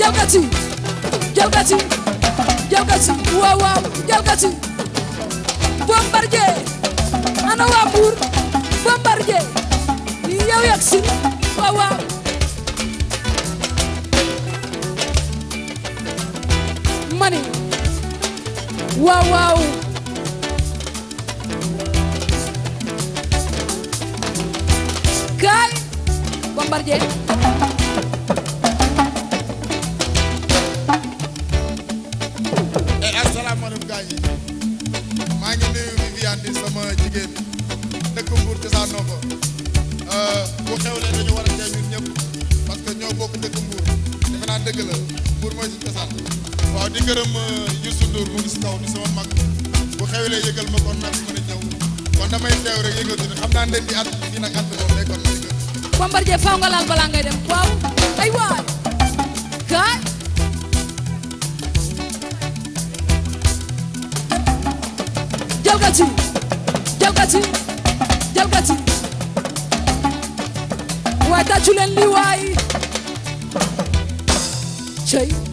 Daukati, Daukati, Daukati, wow wow, Daukati. Bombardier, ana wapur, Bombardier, yow yaksi, wow wow. Money, wow wow. Kai, Bombardier. maaleykum gars yi maa ngi nuyu Viviane di sama jigéen dëkk Mbour ci saanoo ko euh, bu xewlee dañu war a teew ñun ñëpp parce que ñoo bokk dëkk Mbour defe naa dëgg la Mbour mooy suñu cosaan waaw di gërëm euh, Youssou Ndour mu ngi si kaw di sama mag bu xewlee yëgal ma kon nag mën a ñëw kon damay teew rek yëgal dina xam naa leen di at fii nag at bi moom nekkoon faw nga laal balaa ngay dem waaw. jalgati jalgati jalgati waaye tàccu leen lii waay cey